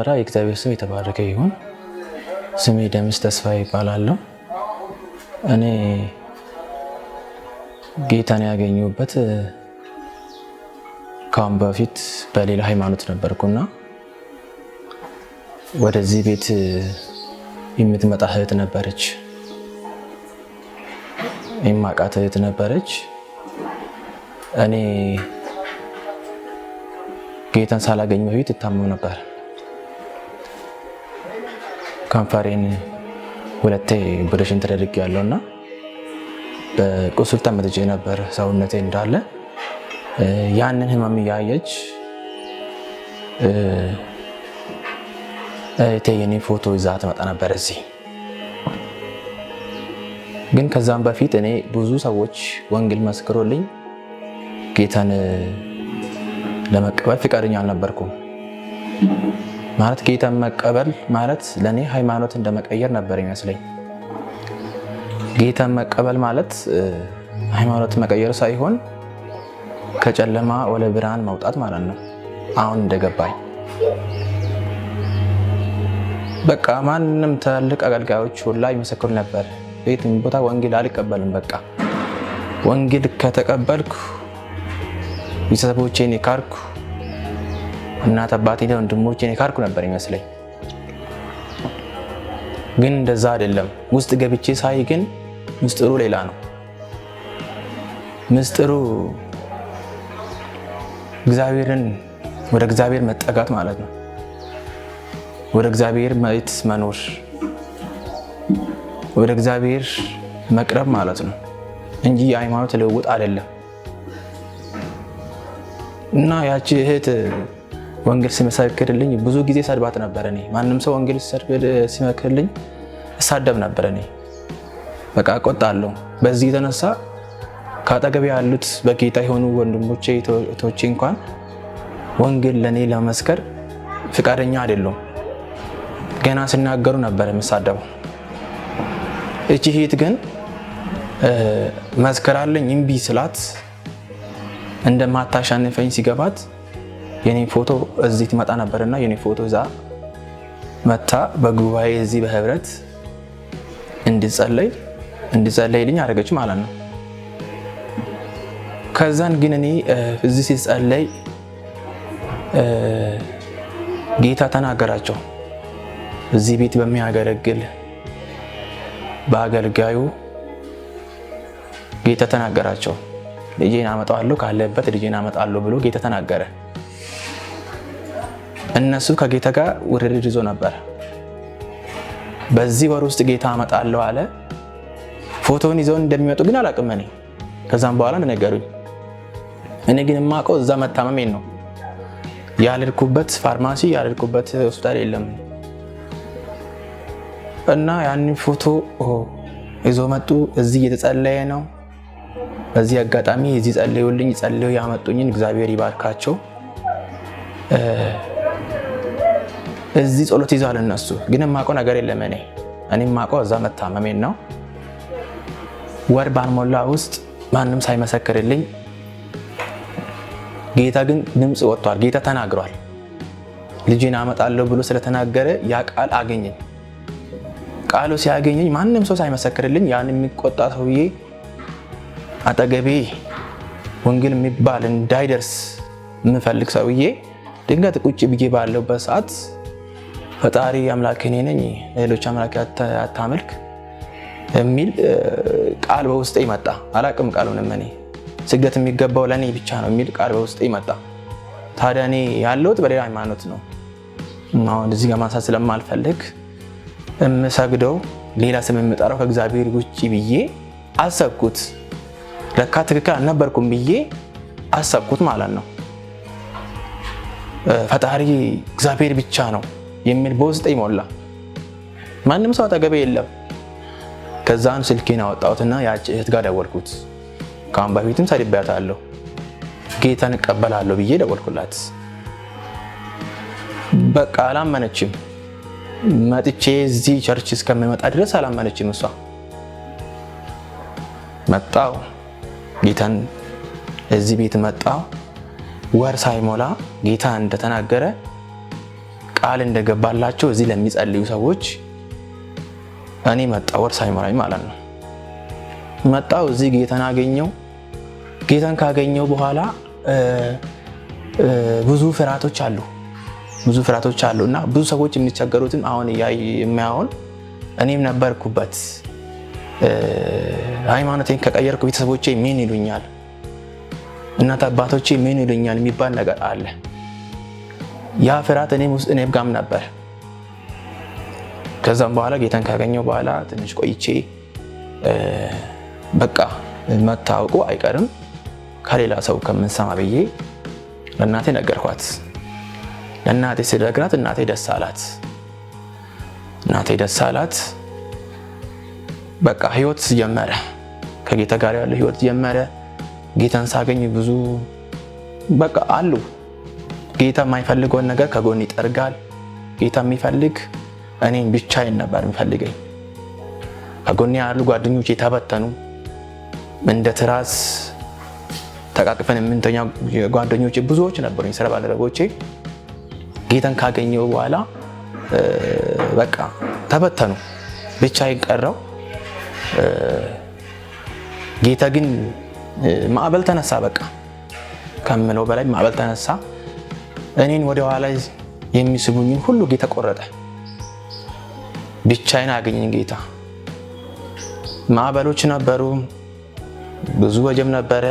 በመጀመሪያ የእግዚአብሔር ስም የተባረከ ይሁን። ስሜ ደምስ ተስፋ ይባላለሁ። እኔ ጌታን ያገኘሁበት ከአሁን በፊት በሌላ ሃይማኖት ነበርኩና ወደዚህ ቤት የምትመጣ እህት ነበረች፣ የማውቃት እህት ነበረች። እኔ ጌታን ሳላገኝ በፊት እታመም ነበር። ከንፈሬን ሁለቴ ኦፕሬሽን ተደርግ ያለው እና በቁስል ተመትቼ ነበር ሰውነቴ እንዳለ ያንን ህመም እያየች እህቴ የኔ ፎቶ ይዛ ትመጣ ነበር እዚህ። ግን ከዛም በፊት እኔ ብዙ ሰዎች ወንጌል መስክሮልኝ ጌታን ለመቀበል ፍቃደኛ አልነበርኩም። ማለት ጌታን መቀበል ማለት ለእኔ ሃይማኖት እንደመቀየር ነበር ይመስለኝ። ጌታን መቀበል ማለት ሃይማኖት መቀየር ሳይሆን ከጨለማ ወደ ብርሃን መውጣት ማለት ነው። አሁን እንደገባኝ በቃ ማንም ትልቅ አገልጋዮች ሁላ ይመሰክሩ ነበር፣ በየትም ቦታ ወንጌል አልቀበልም። በቃ ወንጌል ከተቀበልኩ ቤተሰቦቼን የካርኩ እናት አባቴን፣ ወንድሞቼን የካድኩ ነበር ይመስለኝ። ግን እንደዛ አይደለም። ውስጥ ገብቼ ሳይ ግን ምስጢሩ ሌላ ነው። ምስጢሩ እግዚአብሔርን ወደ እግዚአብሔር መጠጋት ማለት ነው። ወደ እግዚአብሔር መት መኖር፣ ወደ እግዚአብሔር መቅረብ ማለት ነው እንጂ የሃይማኖት ልውውጥ አይደለም። እና ያቺ እህት ወንጌል ሲመሰክርልኝ ብዙ ጊዜ ሰድባት ነበር። እኔ ማንም ሰው ወንጌል ሲመክርልኝ እሳደብ ነበር። እኔ በቃ እቆጣለሁ። በዚህ የተነሳ ከአጠገብ ያሉት በጌታ የሆኑ ወንድሞቼ እህቶቼ እንኳን ወንጌል ለእኔ ለመስከር ፍቃደኛ አይደሉም። ገና ሲናገሩ ነበር የምሳደበው። እቺ እህት ግን መስከራለኝ እምቢ ስላት እንደማታሻንፈኝ ሲገባት የኔ ፎቶ እዚህ ትመጣ ነበርና የኔ ፎቶ እዛ መታ በጉባኤ እዚህ በህብረት እንድጸለይ እንድጸለይልኝ አደረገች ማለት ነው። ከዛን ግን እኔ እዚህ ሲጸለይ ጌታ ተናገራቸው። እዚህ ቤት በሚያገለግል በአገልጋዩ ጌታ ተናገራቸው። ልጄን አመጣዋለሁ ካለበት ልጄን አመጣለሁ ብሎ ጌታ ተናገረ። እነሱ ከጌታ ጋር ውድድር ይዞ ነበር። በዚህ ወር ውስጥ ጌታ አመጣለሁ አለ። ፎቶውን ይዘው እንደሚመጡ ግን አላቅም እኔ። ከዛም በኋላ ነገሩኝ። እኔ ግን የማውቀው እዛ መታመሜን ነው። ያልሄድኩበት ፋርማሲ ያልሄድኩበት ሆስፒታል የለም እና ያንን ፎቶ ይዞ መጡ። እዚህ እየተጸለየ ነው። በዚህ አጋጣሚ እዚህ ጸልዩልኝ፣ ጸልዩ ያመጡኝን እግዚአብሔር ይባርካቸው። እዚህ ጸሎት ይዘዋል እነሱ። ግን የማውቀው ነገር የለም እኔ እኔ የማውቀው እዛ መታመሜን ነው። ወር ባልሞላ ውስጥ ማንም ሳይመሰክርልኝ ጌታ ግን ድምፅ ወጥቷል። ጌታ ተናግሯል። ልጅን አመጣለሁ ብሎ ስለተናገረ ያ ቃል አገኘኝ። ቃሉ ሲያገኘኝ ማንም ሰው ሳይመሰክርልኝ ያን የሚቆጣ ሰውዬ አጠገቤ ወንጌል የሚባል እንዳይደርስ የምፈልግ ሰውዬ ድንገት ቁጭ ብዬ ባለሁበት ሰዓት ፈጣሪ አምላክ እኔ ነኝ፣ ሌሎች አምላክ አታምልክ የሚል ቃል በውስጤ መጣ። አላቅም ቃሉንም እኔ ስግደት የሚገባው ለእኔ ብቻ ነው የሚል ቃል በውስጤ መጣ። ታዲያ እኔ ያለሁት በሌላ ሃይማኖት ነው። አሁን እዚህ ጋር ማንሳት ስለማልፈልግ የምሰግደው ሌላ ስም የምጠራው ከእግዚአብሔር ውጭ ብዬ አሰብኩት። ለካ ትክክል አልነበርኩም ብዬ አሰብኩት ማለት ነው። ፈጣሪ እግዚአብሔር ብቻ ነው የሚል በውስጤ ሞላ። ማንም ሰው አጠገቤ የለም። ከዛን ስልኬን አወጣሁትና ያቺ እህት ጋር ደወልኩት። ከአሁን በፊትም ሰድቤያታለሁ። ጌታን እቀበላለሁ ብዬ ደወልኩላት። በቃ አላመነችም። መጥቼ እዚህ ቸርች እስከምመጣ ድረስ አላመነችም። እሷ መጣው ጌታን እዚህ ቤት መጣው። ወር ሳይሞላ ጌታ እንደተናገረ ቃል እንደገባላቸው እዚህ ለሚጸልዩ ሰዎች እኔ መጣው ወር ሳይመራኝ ማለት ነው። መጣው እዚህ ጌታን አገኘው። ጌታን ካገኘው በኋላ ብዙ ፍርሃቶች አሉ ብዙ ፍርሃቶች አሉ እና ብዙ ሰዎች የሚቸገሩትም አሁን የማያሆን እኔም ነበርኩበት። ሃይማኖቴን ከቀየርኩ ቤተሰቦቼ ምን ይሉኛል፣ እናት አባቶቼ ምን ይሉኛል የሚባል ነገር አለ። ያ ፍርሃት እኔም ውስጥ እኔም ጋም ነበር። ከዛም በኋላ ጌታን ካገኘው በኋላ ትንሽ ቆይቼ በቃ መታወቁ አይቀርም ከሌላ ሰው ከምንሰማ ብዬ ለእናቴ ነገርኳት። ለእናቴ ስነግራት እናቴ ደስ አላት። እናቴ ደስ አላት። በቃ ህይወት ጀመረ። ከጌታ ጋር ያለው ህይወት ጀመረ። ጌታን ሳገኝ ብዙ በቃ አሉ ጌታ የማይፈልገውን ነገር ከጎን ይጠርጋል። ጌታ የሚፈልግ እኔን ብቻዬን ነበር የሚፈልገኝ። ከጎን ያሉ ጓደኞች የተበተኑ እንደ ትራስ ተቃቅፈን የምንተኛ ጓደኞች ብዙዎች ነበሩ፣ ስራ ባልደረቦቼ። ጌታን ካገኘው በኋላ በቃ ተበተኑ፣ ብቻዬን ቀረው። ጌታ ግን ማዕበል ተነሳ፣ በቃ ከምለው በላይ ማዕበል ተነሳ። እኔን ወደ ኋላ የሚስቡኝን ሁሉ ጌታ ቆረጠ። ብቻዬን አገኘኝ ጌታ። ማዕበሎች ነበሩ፣ ብዙ ወጀብ ነበረ።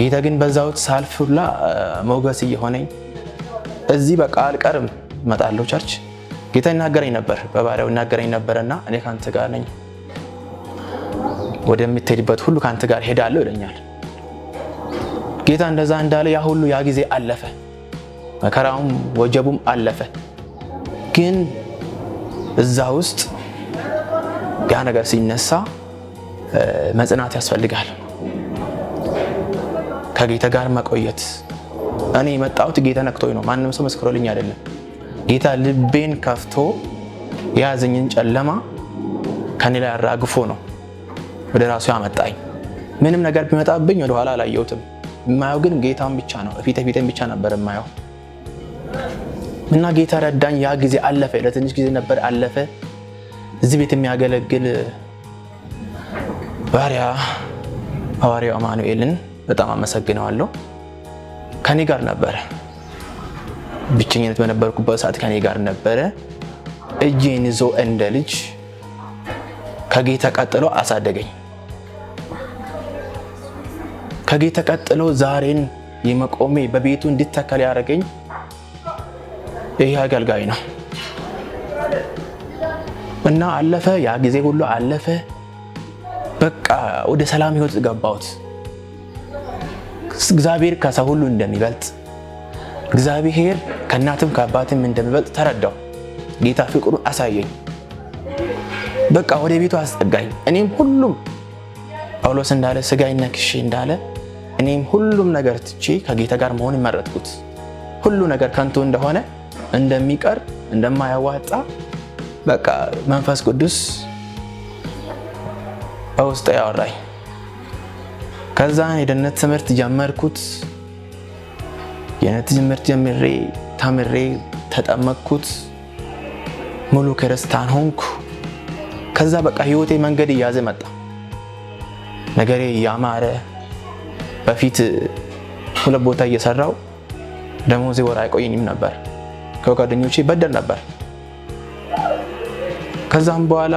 ጌታ ግን በዛውት ሳልፍ ሁላ ሞገስ እየሆነኝ እዚህ በቃ አልቀርም እመጣለሁ ቸርች ጌታ ይናገረኝ ነበር፣ በባሪያው ይናገረኝ ነበር እና እኔ ከአንተ ጋር ነኝ፣ ወደምትሄድበት ሁሉ ከአንተ ጋር ሄዳለሁ ይለኛል ጌታ። እንደዛ እንዳለ ያ ሁሉ ያ ጊዜ አለፈ። መከራውም ወጀቡም አለፈ። ግን እዛ ውስጥ ያ ነገር ሲነሳ መጽናት ያስፈልጋል። ከጌታ ጋር መቆየት። እኔ የመጣሁት ጌታ ነክቶኝ ነው። ማንም ሰው መስክሮልኝ አይደለም። ጌታ ልቤን ከፍቶ የያዘኝን ጨለማ ከኔ ላይ አራግፎ ነው ወደ ራሱ ያመጣኝ። ምንም ነገር ቢመጣብኝ ወደኋላ አላየሁትም። የማየው ግን ጌታን ብቻ ነው። ፊት ፊትን ብቻ ነበር የማየው። እና ጌታ ረዳኝ። ያ ጊዜ አለፈ፣ ለትንሽ ጊዜ ነበር አለፈ። እዚህ ቤት የሚያገለግል ባሪያ ሐዋርያው አማኑኤልን በጣም አመሰግነዋለሁ። ከኔ ጋር ነበረ፣ ብቸኝነት በነበርኩበት ሰዓት ከኔ ጋር ነበረ። እጄን ይዞ እንደ ልጅ ከጌታ ቀጥሎ አሳደገኝ። ከጌታ ቀጥሎ ዛሬን የመቆሜ በቤቱ እንድተከል ያደረገኝ ይሄ አገልጋይ ነው እና አለፈ። ያ ጊዜ ሁሉ አለፈ። በቃ ወደ ሰላም ህይወት ገባሁት። እግዚአብሔር ከሰው ሁሉ እንደሚበልጥ እግዚአብሔር ከእናትም ከአባትም እንደሚበልጥ ተረዳው። ጌታ ፍቅሩን አሳየኝ። በቃ ወደ ቤቱ አስጠጋኝ። እኔም ሁሉም ጳውሎስ እንዳለ ስጋዬን ነክሼ እንዳለ እኔም ሁሉም ነገር ትቼ ከጌታ ጋር መሆን መረጥኩት። ሁሉ ነገር ከንቱ እንደሆነ እንደሚቀር እንደማያዋጣ በቃ መንፈስ ቅዱስ በውስጥ ያወራኝ። ከዛ የደህንነት ትምህርት ጀመርኩት። የደህንነት ትምህርት ጀምሬ ተምሬ ተጠመቅኩት። ሙሉ ክርስቲያን ሆንኩ። ከዛ በቃ ህይወቴ መንገድ እያዘ መጣ። ነገሬ እያማረ በፊት ሁለት ቦታ እየሰራው ደሞዜ ወር አይቆየኝም ነበር። ከጓደኞቼ በደል ነበር። ከዛም በኋላ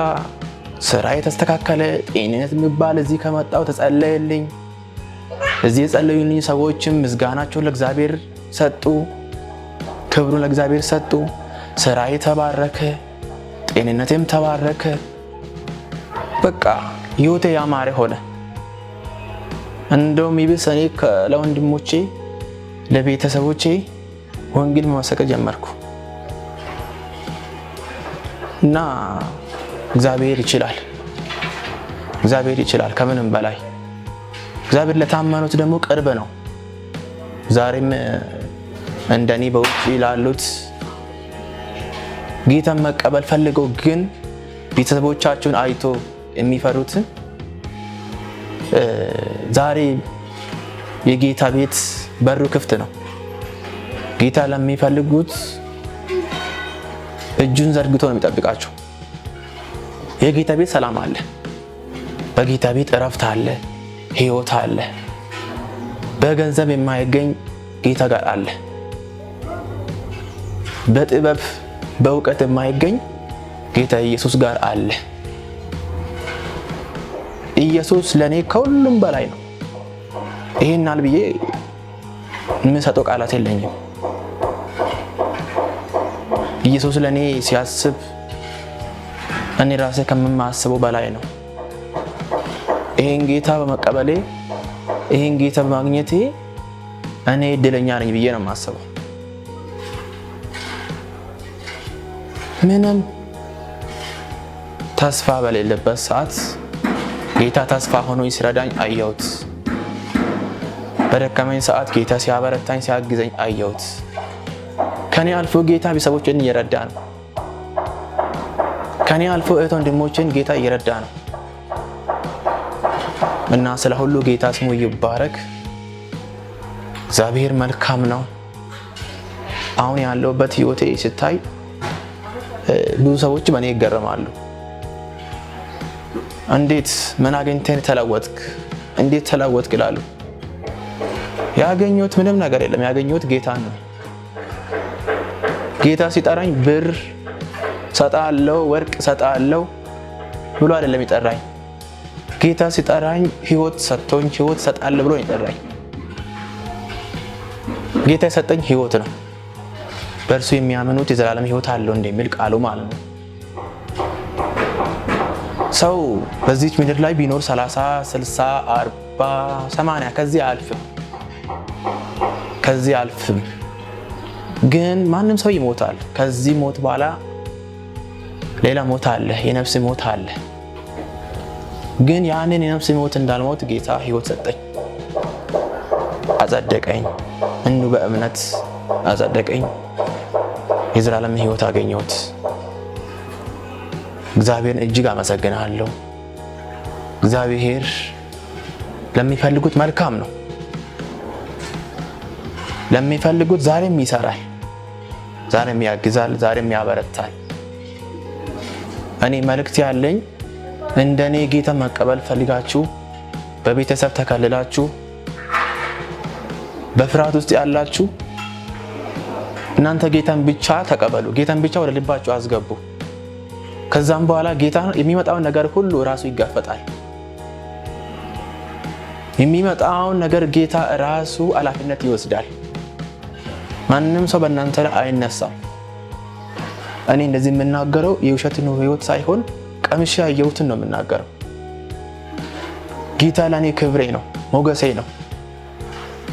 ስራ የተስተካከለ ጤንነት የሚባል እዚህ ከመጣው ተጸለየልኝ። እዚህ የጸለዩልኝ ሰዎችም ምስጋናቸውን ለእግዚአብሔር ሰጡ፣ ክብሩን ለእግዚአብሔር ሰጡ። ስራ የተባረከ ጤንነቴም ተባረከ። በቃ ህይወቴ ያማረ ሆነ። እንደውም ይብስ እኔ ለወንድሞቼ ለቤተሰቦቼ ወንጌል መመሰከር ጀመርኩ እና እግዚአብሔር ይችላል፣ እግዚአብሔር ይችላል ከምንም በላይ እግዚአብሔር ለታመኑት ደግሞ ቅርብ ነው። ዛሬም እንደኔ በውጭ ላሉት ጌታን መቀበል ፈልገው ግን ቤተሰቦቻቸውን አይቶ የሚፈሩትን ዛሬ የጌታ ቤት በሩ ክፍት ነው። ጌታ ለሚፈልጉት እጁን ዘርግቶ ነው የሚጠብቃቸው። የጌታ ቤት ሰላም አለ። በጌታ ቤት እረፍት አለ፣ ህይወት አለ። በገንዘብ የማይገኝ ጌታ ጋር አለ። በጥበብ በእውቀት የማይገኝ ጌታ ኢየሱስ ጋር አለ። ኢየሱስ ለእኔ ከሁሉም በላይ ነው። ይህናል ብዬ የምሰጠው ቃላት የለኝም። ኢየሱስ ለእኔ ሲያስብ እኔ ራሴ ከምማስበው በላይ ነው። ይሄን ጌታ በመቀበሌ ይሄን ጌታ በማግኘቴ እኔ እድለኛ ነኝ ብዬ ነው የማስበው። ምንም ተስፋ በሌለበት ሰዓት ጌታ ተስፋ ሆኖ ሲረዳኝ አየሁት። በደከመኝ ሰዓት ጌታ ሲያበረታኝ ሲያግዘኝ አየሁት። ከኔ አልፎ ጌታ ቤተሰቦችን እየረዳ ነው። ከኔ አልፎ እህት ወንድሞችን ጌታ እየረዳ ነው እና ስለ ሁሉ ጌታ ስሙ ይባረክ። እግዚአብሔር መልካም ነው። አሁን ያለውበት ህይወቴ ስታይ ብዙ ሰዎች በእኔ ይገረማሉ። እንዴት ምን አግኝተን ተለወጥክ? እንዴት ተለወጥክ ይላሉ። ያገኘሁት ምንም ነገር የለም። ያገኘሁት ጌታን ነው። ጌታ ሲጠራኝ ብር ሰጣለው ወርቅ ሰጣለው ብሎ አይደለም ይጠራኝ። ጌታ ሲጠራኝ ህይወት ሰጥቶኝ ህይወት ሰጣለ ብሎ ይጠራኝ። ጌታ የሰጠኝ ህይወት ነው። በእርሱ የሚያምኑት የዘላለም ህይወት አለው እንደሚል ቃሉ ማለት ነው። ሰው በዚች ምድር ላይ ቢኖር 30፣ 60፣ 40፣ 80 ከዚህ አልፍም ከዚህ አልፍም ግን ማንም ሰው ይሞታል። ከዚህ ሞት በኋላ ሌላ ሞት አለ፣ የነፍስ ሞት አለ። ግን ያንን የነፍስ ሞት እንዳልሞት ጌታ ህይወት ሰጠኝ፣ አጸደቀኝ። እንዱ በእምነት አጸደቀኝ። የዘላለም ህይወት አገኘሁት። እግዚአብሔርን እጅግ አመሰግናለሁ። እግዚአብሔር ለሚፈልጉት መልካም ነው። ለሚፈልጉት ዛሬም ይሰራል። ዛሬም ያግዛል፣ ዛሬም ያበረታል። እኔ መልእክት ያለኝ እንደ እኔ ጌታ መቀበል ፈልጋችሁ በቤተሰብ ተከልላችሁ በፍርሃት ውስጥ ያላችሁ እናንተ ጌታን ብቻ ተቀበሉ። ጌታን ብቻ ወደ ልባችሁ አስገቡ። ከዛም በኋላ ጌታ የሚመጣውን ነገር ሁሉ ራሱ ይጋፈጣል። የሚመጣውን ነገር ጌታ ራሱ ኃላፊነት ይወስዳል። ማንም ሰው በእናንተ ላይ አይነሳም። እኔ እንደዚህ የምናገረው የውሸትን ህይወት ሳይሆን ቀምሼ ያየሁትን ነው የምናገረው። ጌታ ለእኔ ክብሬ ነው፣ ሞገሴ ነው።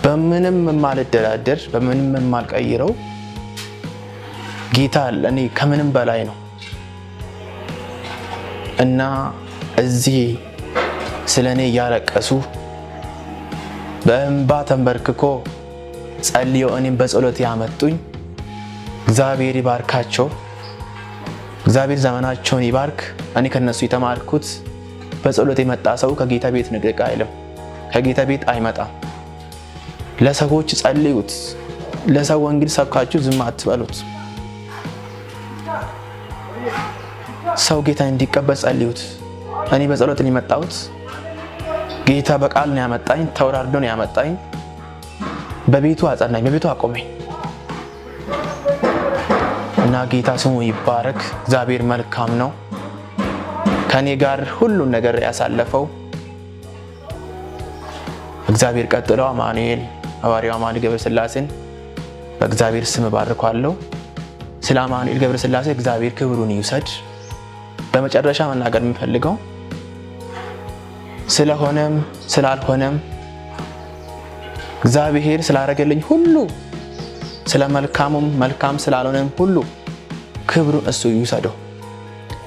በምንም የማልደራደር በምንም የማልቀይረው ጌታ ለእኔ ከምንም በላይ ነው እና እዚህ ስለ እኔ እያለቀሱ በእንባ ተንበርክኮ ጸልየው እኔም በጸሎት ያመጡኝ። እግዚአብሔር ይባርካቸው። እግዚአብሔር ዘመናቸውን ይባርክ። እኔ ከነሱ የተማርኩት በጸሎት የመጣ ሰው ከጌታ ቤት ንቅቅ አይልም፣ ከጌታ ቤት አይመጣም። ለሰዎች ጸልዩት። ለሰው ወንጌል ሰብካችሁ ዝም አትበሉት። ሰው ጌታ እንዲቀበል ጸልዩት። እኔ በጸሎት ነው የመጣሁት። ጌታ በቃል ነው ያመጣኝ፣ ተወራርዶ ነው ያመጣኝ። በቤቱ አጸናኝ፣ በቤቱ አቆመኝ እና ጌታ ስሙ ይባረክ። እግዚአብሔር መልካም ነው። ከኔ ጋር ሁሉን ነገር ያሳለፈው እግዚአብሔር ቀጥሎ አማኑኤል ሐዋርያው አማኑኤል ገብረስላሴን በእግዚአብሔር ስም ባርኳለሁ። ስለ አማኑኤል ገብረስላሴ እግዚአብሔር ክብሩን ይውሰድ። በመጨረሻ መናገር የምፈልገው ስለሆነም ስላልሆነም እግዚአብሔር ስላደረገልኝ ሁሉ ስለ መልካሙም መልካም ስላልሆነም ሁሉ ክብሩን እሱ ይውሰደው፣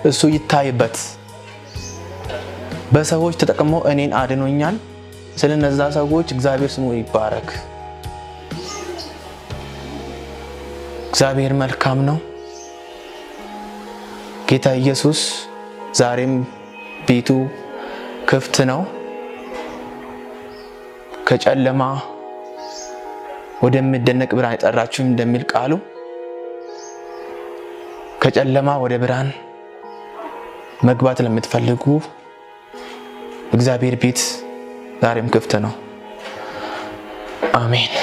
እሱ ይታይበት። በሰዎች ተጠቅሞ እኔን አድኖኛል። ስለ ሰዎች እግዚአብሔር ስሙ ይባረክ። እግዚአብሔር መልካም ነው። ጌታ ኢየሱስ ዛሬም ቤቱ ክፍት ነው ከጨለማ ወደሚደነቅ ብርሃን የጠራችሁ እንደሚል ቃሉ ከጨለማ ወደ ብርሃን መግባት ለምትፈልጉ እግዚአብሔር ቤት ዛሬም ክፍት ነው። አሜን።